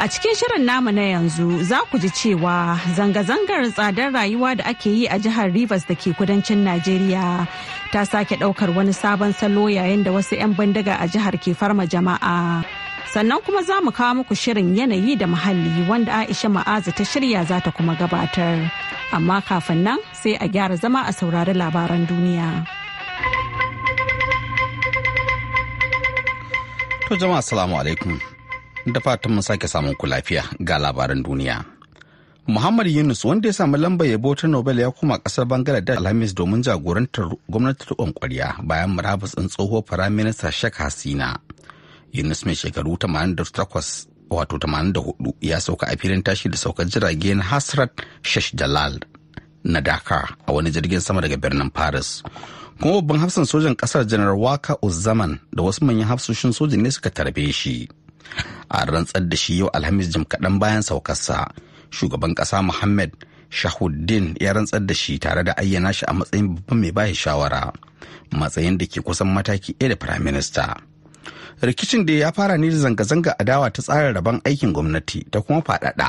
A cikin shirin namu na yanzu za ku ji cewa zanga-zangar tsadar rayuwa da ake yi a jihar Rivers da ke kudancin Najeriya ta sake daukar wani sabon salo yayin da wasu 'yan bindiga a jihar ke farma jama'a. Sannan kuma za mu kawo muku shirin yanayi da muhalli wanda Aisha Ma'azu ta shirya za ta kuma gabatar. Amma kafin nan sai a gyara zama a saurari labaran duniya. To jama'a salamu alaikum. da fatan mun sake samun ku lafiya ga labaran duniya. Muhammad Yunus wanda ya samu lambar yabo ta Nobel ya koma kasar Bangladesh Alhamis domin jagorantar gwamnatin riƙon kwarya bayan murabus ɗin tsohuwar Firaminista Sheikh Hasina. Yunus mai shekaru 88 wato 84 ya sauka a filin tashi da saukar jiragen Hasrat Shesh Jalal na Dakar a wani jirgin sama daga birnin Paris. Kuma babban hafsan sojan kasar Janar Waka Uzzaman da wasu manyan hafsoshin sojan ne suka tarbe shi. a rantsar da shi yau alhamis jim kaɗan bayan saukarsa shugaban ƙasa muhammad shahuddin ya rantsar da shi tare da ayyana shi a matsayin babban mai bayan shawara matsayin da ke kusan mataki ɗaya da prime minister rikicin da ya fara ne da zanga-zanga adawa ta tsarin rabon aikin gwamnati ta kuma faɗaɗa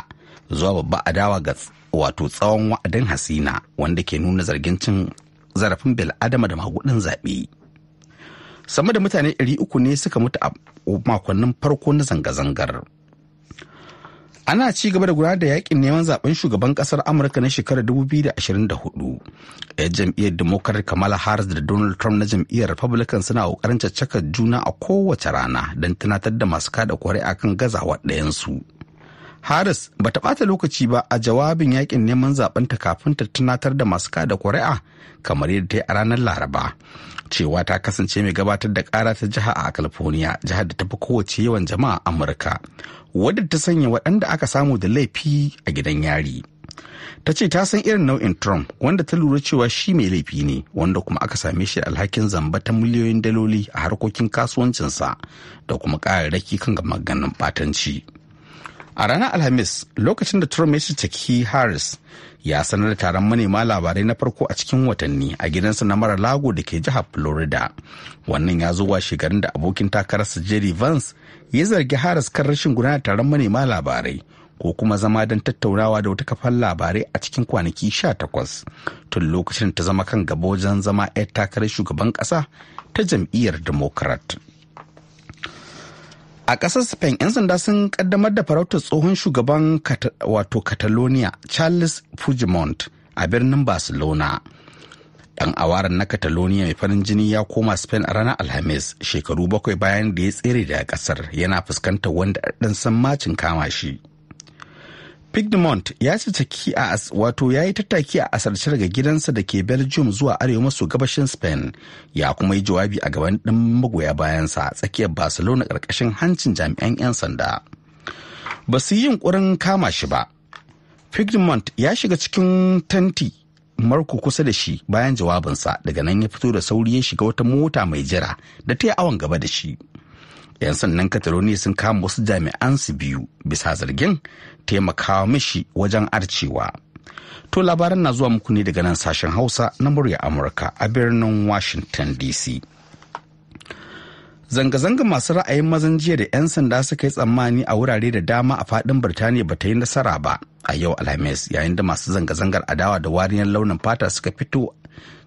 zuwa babba adawa ga wato tsawon wa'adin hasina wanda ke nuna zargin cin zarafin bil'adama da magudin zaɓe sama da mutane 300 ne suka mutu a makonnin farko na zanga-zangar ana ci gaba da gudanar da yakin neman zaben shugaban kasar amurka na shekarar 2024 'yan jam'iyyar democrat kamala harris da donald trump na jam'iyyar republican suna kokarin caccakar juna a kowace rana don tunatar da masu kada kwarai akan gazawa ɗayansu. su harris ba ta ɓata lokaci ba a jawabin yakin neman zaɓenta kafin ta tunatar da masu kada kuri'a kamar yadda ta yi a ranar laraba cewa ta kasance mai gabatar da ƙara ta jiha a california jihar da ta fi kowace yawan jama'a amurka wadda ta sanya waɗanda aka samu da laifi a gidan yari ta ce ta san irin nau'in trump wanda ta lura cewa shi mai laifi ne wanda kuma aka same shi alhakin zamba ta miliyoyin daloli a harkokin kasuwancinsa da kuma raki kan maganin ɓatanci. a ranar alhamis lokacin da trump ya ciki harris ya sanar da taron manema labarai na farko a cikin watanni a gidansa na mara lago da ke jihar florida wannan ya zuwa shekarun da abokin takararsa jerry vance ya zargi harris kan rashin gudanar taron manema labarai ko kuma zama don tattaunawa da wata kafar labarai a cikin kwanaki sha takwas tun lokacin ta zama kan gaba wajen zama 'yar takarar shugaban ƙasa ta jam'iyyar democrat a ƙasar spain 'yan sanda sun kaddamar da farautar tsohon shugaban wato catalonia charles puigdemont a birnin barcelona dan awaran na catalonia mai farin jini ya koma spain a ranar alhamis shekaru bakwai bayan da ya tsere daga kasar yana fuskantar wanda ɗan san macin kama shi Pigdemont ya tattaki a wato ya yi tattaki a asarce daga gidansa da ke Belgium zuwa arewa maso gabashin Spain ya kuma yi jawabi a gaban ɗin magoya bayansa tsakiyar Barcelona ƙarƙashin hancin jami'an 'yan sanda. Ba su yi yunƙurin kama shi ba. Pigdemont ya shiga cikin tanti Marko kusa da shi bayan jawabinsa daga nan ya fito da sauri ya shiga wata mota mai jira da ta yi awon gaba da shi. 'yan sandan kataloni sun kama wasu jami'an su biyu bisa zargin taimakawa mishi wajen arcewa to labaran na zuwa muku ne daga nan sashen hausa na murya amurka a birnin washington dc zanga-zanga masu ra'ayin mazan jiya da 'yan sanda suka yi tsammani a wurare da dama a faɗin birtaniya ba ta yi nasara ba a yau alhamis yayin da masu zanga-zangar adawa da wariyar launin fata suka fito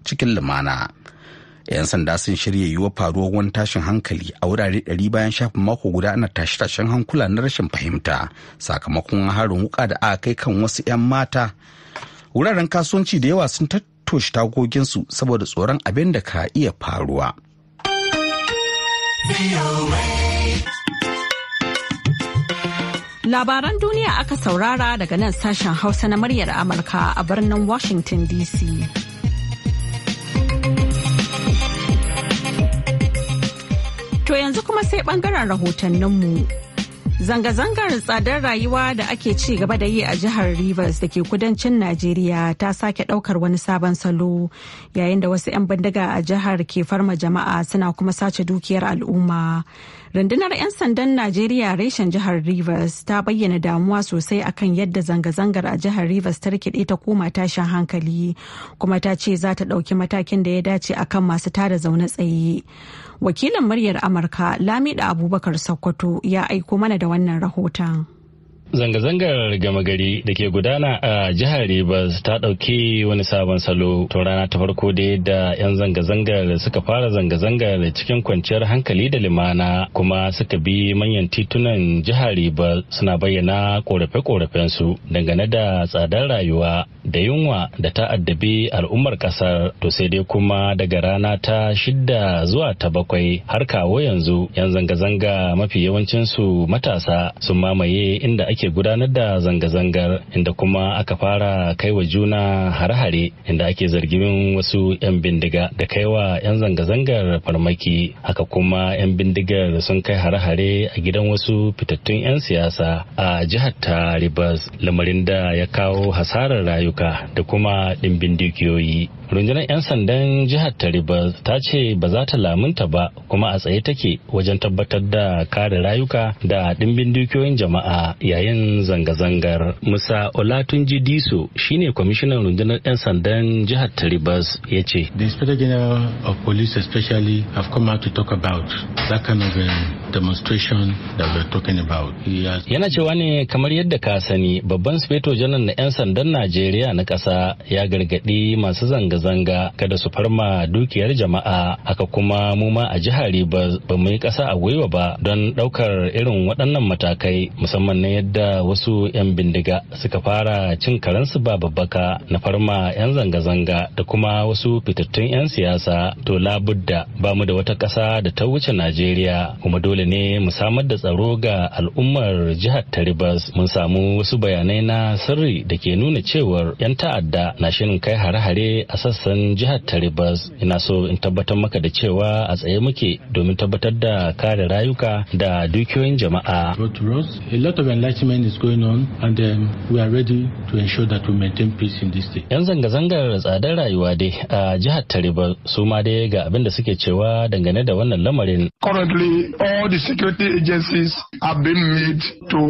cikin lumana 'yan sanda sun shirya yiwuwa faruwar wani tashin hankali a wurare ɗari bayan shafin mako guda ana tashe-tashen hankula na rashin fahimta sakamakon harin wuka da aka kai kan wasu 'yan mata wuraren kasuwanci da yawa sun tattoshi tagoginsu saboda tsoron abin da ka iya faruwa labaran duniya aka saurara daga nan sashen hausa na muryar amurka a birnin washington dc To yanzu kuma sai bangaren rahotanninmu. Zanga-zangar tsadar rayuwa da ake ci gaba da yi a jihar Rivers da ke kudancin Najeriya ta sake ɗaukar wani sabon salo yayin da wasu 'yan bindiga a jihar ke farma jama'a suna kuma sace dukiyar al'umma. Rundunar 'yan sandan Najeriya reshen jihar Rivers ta bayyana damuwa sosai akan yadda zanga-zangar a jihar Rivers ta rikide ta koma tashin hankali kuma ta ce za ta ɗauki matakin da ya dace akan masu tada zaune tsaye. Wakilin muryar Amurka Lamida Abubakar Sokoto ya aiko mana da wannan rahoton. Zanga-zangar gama gari da ke gudana a jihar Rivers ta ɗauki wani sabon salo to rana ta farko dai da 'yan zanga-zangar suka fara zanga-zangar cikin kwanciyar hankali da limana kuma suka bi manyan titunan jihar Rivers suna bayyana korafe-korafensu dangane da tsadar rayuwa da yunwa da ta addabi al'ummar ƙasar to sai dai kuma daga rana ta shidda zuwa ta bakwai har kawo yanzu 'yan zanga-zanga mafi yawancinsu matasa sun mamaye inda ake ke gudanar da zanga-zangar inda kuma aka fara kaiwa juna hare-hare inda ake zargin wasu 'yan bindiga da kai wa 'yan zanga-zangar farmaki haka kuma 'yan bindigar sun kai hare-hare a gidan wasu fitattun 'yan siyasa a jihar ta ribas lamarin da ya kawo hasarar rayuka da kuma ɗimbin dukiyoyi. rundunar 'yan sandan jihar taribas ta ce ba za ta lamunta ba kuma a tsaye take wajen tabbatar da kare rayuka da ɗimbin dukiyoyin jama'a yayin zanga-zangar musa olatunji diso shine kwamishinan rundunar 'yan sandan jihar taribas ya ce the inspector general of police especially have come out to talk about that kind of um, demonstration that we're talking about. Yana cewa ne kamar yadda ka sani babban speto janar na 'yan sandan Najeriya na ƙasa ya gargaɗi masu zanga-zanga kada su farma dukiyar jama'a haka kuma mu ma a jihar ba ba mu yi ƙasa a gwiwa ba don ɗaukar irin waɗannan matakai musamman na yadda wasu 'yan bindiga suka fara cin karensu ba babbaka na farma 'yan zanga-zanga da kuma wasu fitattun 'yan siyasa to labudda ba mu da wata ƙasa da ta wuce Najeriya kuma dole da ne mu samar da tsaro ga al'ummar jihar Taribas Mun samu wasu bayanai na sirri da ke nuna cewar 'yan ta'adda na shirin kai hare-hare a sassan jihar Taribas Ina so in tabbatar maka da cewa a tsaye muke domin tabbatar da kare rayuka da dukiyoyin jama'a. Um, 'Yan zanga-zangar tsadar rayuwa dai a jihar Taribas su ma dai ga abin da suke cewa dangane da wannan lamarin. Currently, all the security agencies have been made to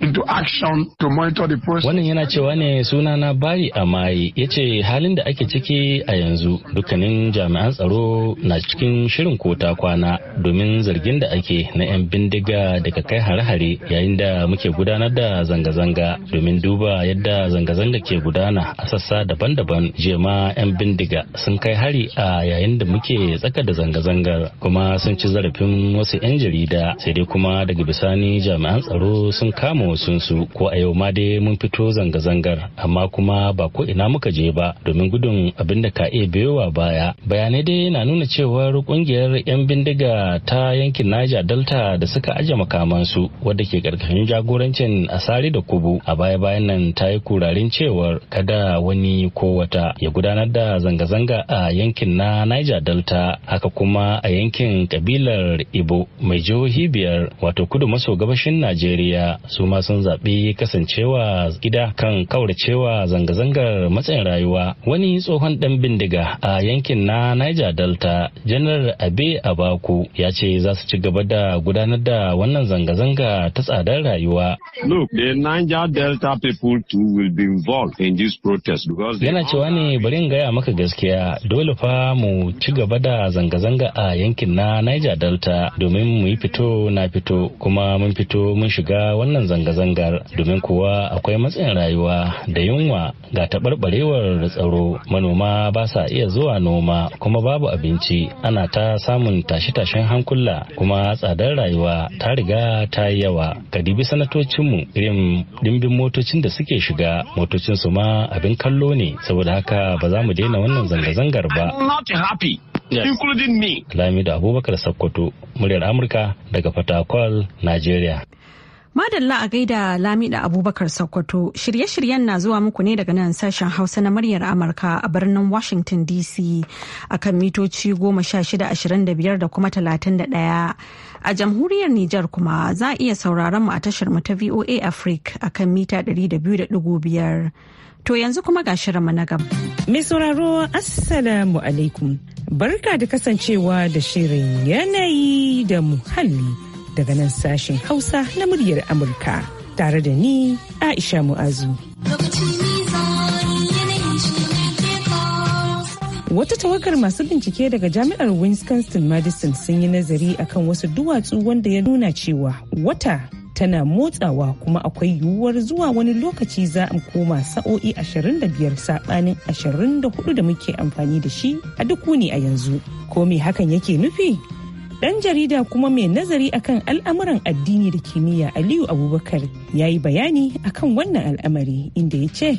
into action to monitor the process. Wannan yana cewa ne sunana Bari a yace yace halin da ake ciki a yanzu dukkanin jami'an tsaro na cikin shirin kota kwana domin zargin da ake na 'yan bindiga daga kai hare-hare yayin da muke gudanar da zanga-zanga domin duba yadda zanga-zanga ke gudana a sassa daban-daban jema 'yan bindiga sun kai hari a yayin da muke tsaka da zanga zanga kuma sun ci zarafin wasu 'yan jarida gida sai dai kuma daga bisani jami'an tsaro sun kama wasunsu ko a yau ma dai mun fito zanga-zangar amma kuma ba ko ina muka je ba domin gudun abin da ka iya biyowa baya bayanai dai na nuna cewar kungiyar 'yan bindiga ta yankin Niger Delta da suka aje makamansu wadda ke karkashin jagorancin Asari da Kubu a baya-bayan nan ta yi kurarin cewar kada wani ko wata ya gudanar da zanga-zanga a yankin na Niger Delta haka kuma a yankin kabilar Ibo mai jihohi biyar wato kudu maso gabashin najeriya su ma sun zaɓi kasancewa gida kan kauracewa zanga-zangar matsayin rayuwa wani tsohon ɗan bindiga a yankin na niger delta janar abe abaku ya ce za su ci gaba da gudanar da wannan zanga-zanga ta tsadar rayuwa yana cewa ne bari in gaya maka gaskiya dole fa mu ci gaba da zanga-zanga a yankin na niger delta domin mu yi fito na fito kuma mun fito mun shiga wannan zanga-zangar domin kuwa akwai matsayin rayuwa da yunwa ga taɓarɓarewar tsaro manoma ba sa iya zuwa noma kuma babu abinci ana ta samun tashe-tashen hankula kuma tsadar rayuwa ta riga ta yi yawa ka dibi sanatocinmu irin dimbin motocin da suke shiga motocin su ma abin kallo ne saboda haka ba za mu daina wannan zanga-zangar ba. I'm not happy. including me. Lamido Abubakar sokoto muryar Amurka daga Fatakwal, Najeriya. Madalla a gaida Lamida Abubakar Sokoto shirye-shiryen na zuwa muku ne daga nan sashen Hausa na muryar Amurka a birnin Washington DC a kan mitoci 1625 da kuma 31. A jamhuriyar Nijar kuma za a iya sauraron mu a tashar mu ta VOA Africa a kan mita 200.5. To yanzu kuma ga shirinmu na gaba. Mai sauraro Assalamu alaikum. Barka da kasancewa da shirin yanayi da muhalli daga nan sashen Hausa na muryar Amurka tare da ni Aisha Mu'azu. Wata tawakar masu bincike daga jami'ar Wisconsin Madison sun yi nazari akan wasu duwatsu wanda ya nuna cewa wata tana motsawa kuma akwai yiwuwar zuwa wani lokaci za a koma sa'o'i 25 sabanin 24 da muke amfani da shi a duk wuni a yanzu ko me hakan yake nufi Ɗan jarida kuma mai nazari akan al'amuran addini da kimiyya aliyu abubakar ya yi bayani akan wannan al'amari inda ya ce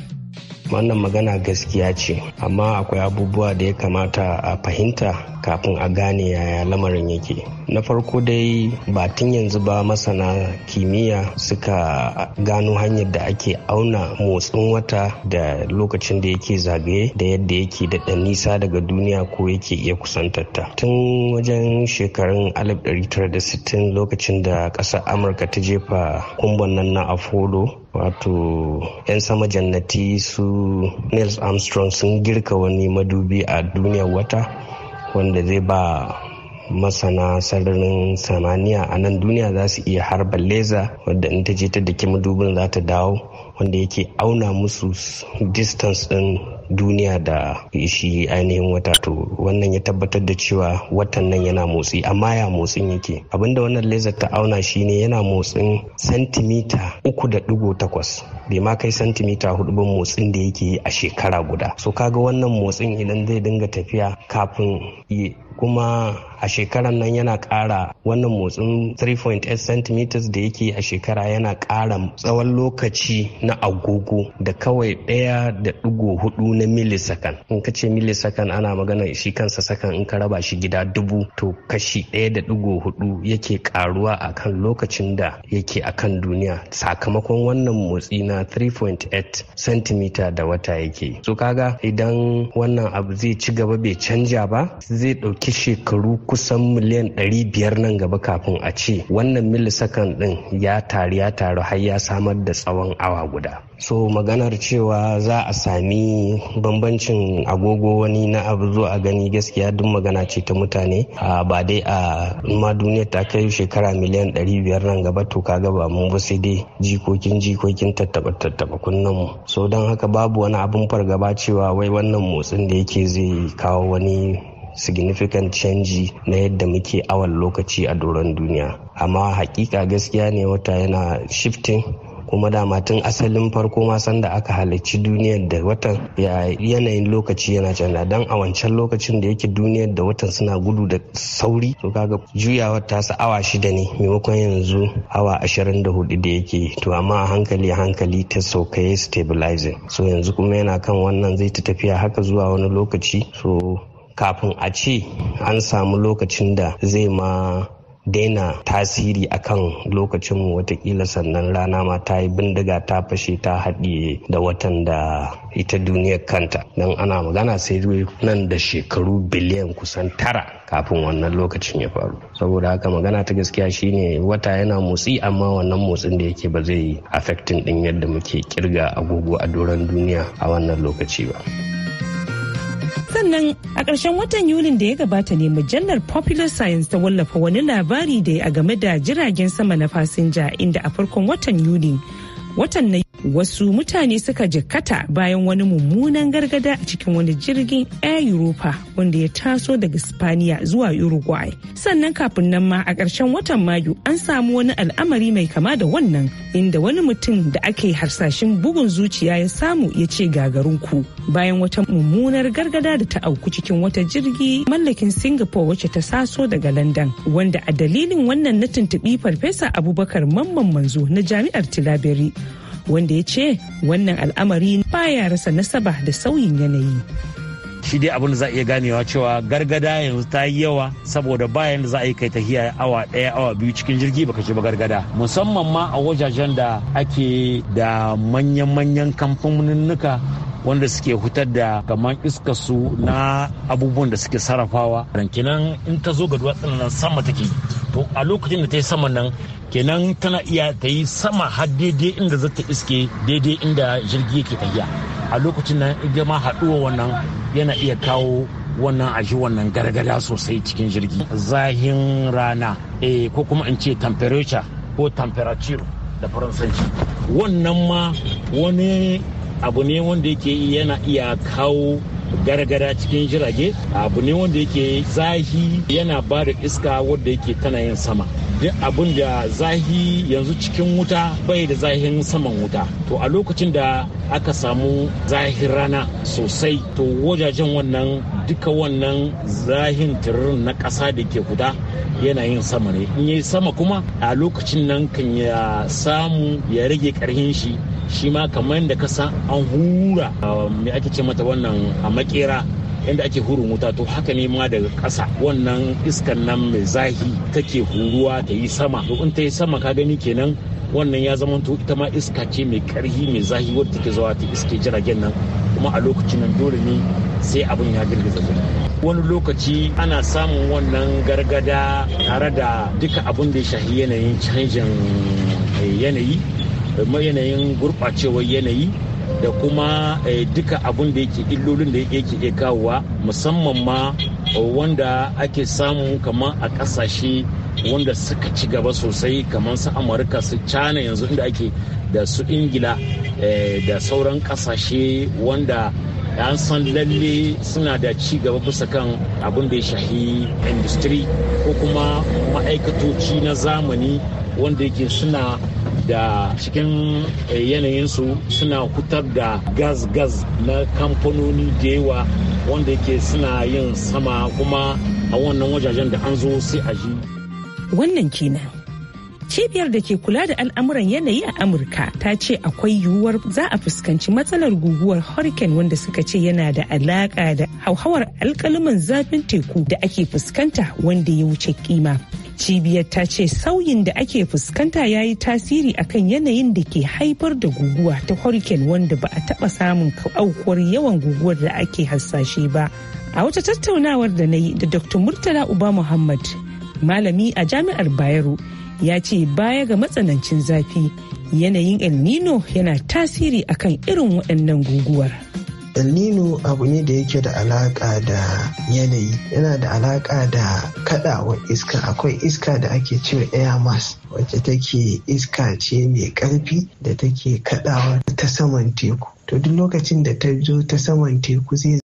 wannan magana gaskiya ce amma akwai abubuwa da ya kamata a fahimta kafin a gane yaya lamarin yake na farko dai ba tun yanzu ba masana kimiyya suka gano hanyar da ake auna motsin wata da lokacin da yake zagaye da yadda yake da nisa daga duniya ko yake iya kusantarta tun wajen shekarun 1960 lokacin da ƙasar amurka ta jefa kumbon nan na afolo wato 'yan sama jannati su nils armstrong sun girka wani madubi a duniyar wata wanda zai ba masana sararin samaniya a nan duniya za su iya harba leza wadda in ta je ta daki madubin za ta dawo wanda yake auna musu distance din duniya da shi ainihin wata to wannan ya tabbatar da cewa watan nan yana motsi amma ya motsin yake abinda wannan laser ta auna shine yana motsin sentimita uku da takwas bai ma kai sentimita hudu ban motsin da yake a shekara guda so kaga wannan motsin idan zai dinga tafiya kafin kuma a shekaran nan yana ƙara wannan motsin 3.8 cm da yake a shekara yana ƙara tsawon lokaci na agogo da kawai ɗaya da ɗigo hudu na milisakan in ka ce milisakan ana magana shi kansa sakan in ka raba shi gida dubu to kashi ɗaya da ɗigo hudu yake karuwa akan lokacin da yake akan duniya sakamakon wannan motsi na 3.8 cm da wata yake so kaga idan wannan abu zai ci gaba bai canja ba zai ɗauki shekaru kusan miliyan ɗari biyar nan gaba kafin a ce wannan milisakan ɗin ya taru ya taru har ya samar da tsawon awa guda so maganar cewa za a sami bambancin agogo wani na abu zuwa a gani gaskiya duk magana ce ta mutane ba dai a ma duniya ta kai shekara miliyan 500 nan gaba to kaga ba mun ba sai dai jikokin jikokin tattaba tattaba kunnen mu so don haka babu wani abin fargaba cewa wai wannan motsin da yake zai kawo wani significant canji na yadda muke awan lokaci a doron duniya amma hakika gaskiya ne wata yana shifting kuma dama tun asalin farko ma da aka halarci duniyar da watan yanayin lokaci yana canza dan a wancan lokacin da yake duniyar da watan suna gudu da sauri to kaga juyawar ta sa awa shida ne maimakon yanzu awa ashirin da hudu da yake to amma a hankali a hankali ta saukaye stabilizing so yanzu kuma yana kan wannan zai ta tafiya haka zuwa wani lokaci so kafin a ce an samu lokacin da zai ma daina tasiri a akan lokacinmu watakila sannan rana ma ta yi bindiga ta fashe ta haɗiye da watan da ita duniyar kanta don ana magana sai nan da shekaru biliyan kusan tara kafin wannan lokacin ya faru saboda haka magana ta gaskiya shine wata yana motsi amma wannan motsin da yake ba zai affecting din yadda muke kirga agogo a doron duniya a wannan lokaci ba. sannan a ƙarshen watan yulin da ya gabata ne mujallar popular science ta wallafa wani labari da ya game da jiragen sama na fasinja inda a farkon watan yuli watan na wasu mutane suka jikkata bayan wani mummunan gargada cikin wani jirgin air europa wanda ya taso daga spaniya zuwa uruguay sannan kafin nan ma a ƙarshen watan mayu an samu wani al'amari mai kama da wannan inda wani mutum da ake harsashin bugun zuciya ya samu ya ce gagarunku bayan wata mummunar gargada da ta auku cikin wata jirgi mallakin singapore wacce ta saso daga Landan wanda a dalilin wannan na tuntuɓi farfesa abubakar mamman manzo na jami'ar tilaberi wanda ya ce wannan al'amari baya rasa nasaba da sauyin yanayi. shi dai abin da za a iya ganewa cewa gargada yanzu ta yi yawa saboda bayan da za a yi kai tahiya awa daya awa biyu cikin jirgi baka ci ba gargada musamman ma a wajajen da ake da manyan-manyan kamfaninnuka wanda suke hutar da kamar iska su na abubuwan da suke sarrafawa. Rankinan in ta zo ga duwatsun nan sama take to a lokacin da ta yi sama nan kenan tana iya ta yi sama har daidai inda zata iske daidai inda jirgi yake tafiya a lokacin nan ita ma haɗuwa wannan yana iya kawo wannan aji wannan gargada sosai cikin jirgi zahin rana eh ko kuma in ce temperature ko temperature da faransanci wannan ma wani abu ne wanda yake yana iya kawo gargara cikin jirage abu ne wanda yake zahi yana ba da iska wadda yake tana yin sama duk abin da zahi yanzu cikin wuta bai da zahin saman wuta to a lokacin da aka samu zahin rana sosai to wajajen wannan duka wannan zahin turin na ƙasa da ke guda yana yin sama ne in yi sama kuma a lokacin nan kan ya samu ya rage ƙarhin shi shi ma kamar yadda ka san an hura um, me ake ce mata wannan a makera inda ake hurun wuta to haka ne ma daga ƙasa wannan iskan nan mai zahi take huruwa ta yi sama to in ta yi sama ka gani kenan wannan ya zama to ita ma iska ce mai karhi mai zahi wadda take zuwa ta iske jiragen nan kuma a lokacin nan dole ne sai abin ya girgiza su wani lokaci ana samun wannan gargada tare da duka abin da ya shahi yanayin canjin eh, yanayi yanayin gurɓacewar yanayi da kuma eh, duka abin da yake illolin da yake iya kawowa musamman ma eh, wanda ake samu kamar a ƙasashe wanda suka ci gaba sosai kamar su amurka su China yanzu inda ake da su ingila eh, da sauran ƙasashe wanda an san lalle suna da ci gaba bisa kan abin da ya shahi industry ko kuma ma'aikatoci na zamani wanda yake suna da cikin eh, yanayin su suna kutar da gas-gas na kamfanoni da yawa wanda yake suna yin sama kuma a wannan wajajen da an zo sai a ji. Wannan kenan. Cibiyar da ke kula da al'amuran yanayi a Amurka ta ce akwai yiwuwar za a fuskanci matsalar guguwar hurricane wanda suka ce yana da alaƙa da hauhawar alkaliman zafin teku da ake fuskanta wanda ya wuce kima. cibiyar ta ce sauyin da ake fuskanta ya yi tasiri akan yanayin da ke haifar da guguwa ta hurricane wanda ba a taɓa samun aukuwar yawan guguwar da ake hasashe ba a wata tattaunawar da na yi da dr murtala uba muhammad malami a jami'ar bayero ya ce baya ga matsanancin zafi yanayin el nino yana tasiri akan irin waɗannan guguwar. El abu ne da yake da alaƙa da yanayi yana da alaƙa da kadawa iska akwai iska da ake cewa air mass wacce take iska ce mai ƙarfi da take kadawa ta saman teku to duk lokacin da ta zo ta saman teku zai